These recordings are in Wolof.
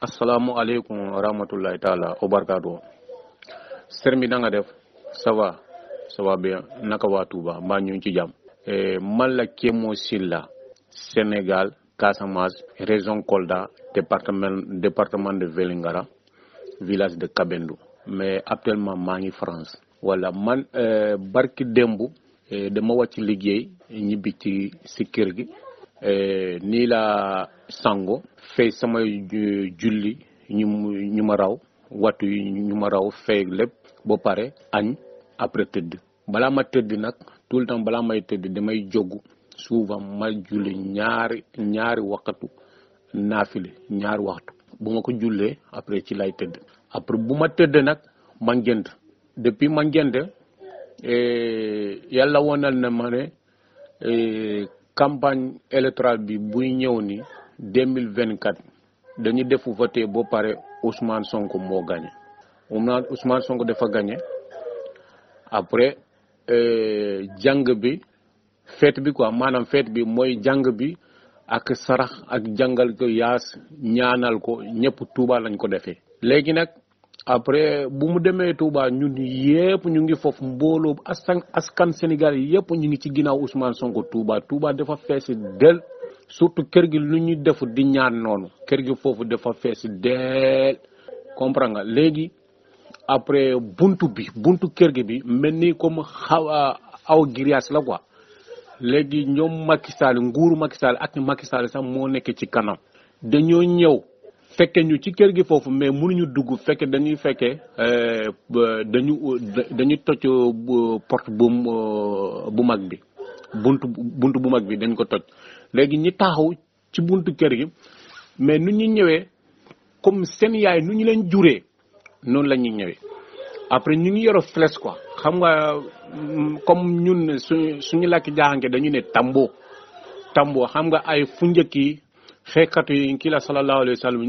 assalamu aleykum wa rahmatullahi taala wa barakaatu mi na def ça va ça bien naka waa Touba mbaa ñu ngi ci jàmm e, man la Kémo Silla Sénégal Casamance région Kolda département département de Vélingara village de Kabendou mais actuellement maa ngi France wala man euh, barki démb e, dama wàcc liggéey ñibbi ci si kër gi Eh, nii la sango fay sama eh, julli ñu ñu ma raw wattu yi ñu ma raw fay lépp ba pare añ après tëdd balaa ma tëdd nag tout le temps balaa may tëdd damay joggu souvent ma julli ñaari ñaari waxtu naafile ñaari waxtu bu ma ko jullee après ci lay tëdd après bu ma tëdd nag ma ngënd depuis ma ngënd eh, yàlla wonal na ma campagne électorale bi buy ñëw ni deux mille vingt quatre dañu defu voté ba pare Ousmane Sonko moo gagné Ousmane Sonko dafa gagné après euh, jàng bi fête bi ko maanaam fête bi mooy jàng bi ak sarax ak jàngal ko yaas ñaanal ko ñëpp Tuuba lañ ko defee léegi nag après bu mu demee Touba ñun yëpp ñu ngi foofu mbooloo askan askan Sénégal yëpp ñu ngi ci ginnaaw Ousmane Sonko Touba Touba dafa feesi del surtout kër gi lu ñu def di ñaan noonu kër gi foofu dafa feesi del comprend nga léegi après buntu bi buntu kër gi bi mel ni comme xaw aw grillage la quoi léegi ñoom Macky Sall nguuru Macky Sall ak Macky Sall sax moo nekkee ci kanam dañoo ñëw fekke ñu ci kër gi foofu mais mënuñu dugg fekke dañuy fekke euh, dañu dañu toj euh, porte bu euh, bu mag bi bunt bunt bu mag bi dañ ko toj léegi ñi taxaw ci buntu kër gi mais nu ñu ñëwee comme seen yaay nu ñu leen juree noonu la ñuy ñëwee après ñu ngi yoro flèche ko xam nga comme ñu suñu suñu làkki jaaxanke dañu ne tambo tambo xam nga ay fu njëkk yi xeexkat yi kii la sallallahu alayhi wa sallam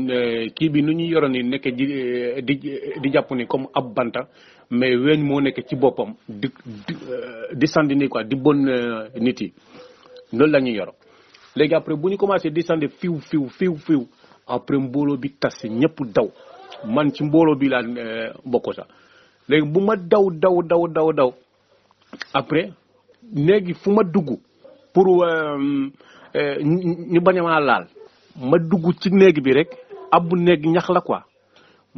kii bi nu ñuy yoroon ni nekk di eh, di di jàpp ni comme ab banta mais weñ moo nekke ci boppam di di eh, sandi ni di bon eh, nit yi loolu la ñuy yoro léegi après bu ñu commencé di sandi fiw fiw fiw fiw après mbooloo bi tas ñëpp daw man ci mbooloo bi laa bokk sax léegi bu ma daw daw daw daw daw après léegi fu ma dugg pour euh, ñu bañ a laal. ma dugg ci néeg bi rek abbu néeg ñax la quoi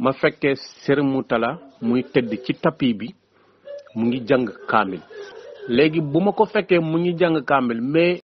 ma fekkee Serigne tala muy tëdd ci tapis bi mu ngi jàng kaamil léegi bu ma ko fekkee mu ngi jàng kaamil mais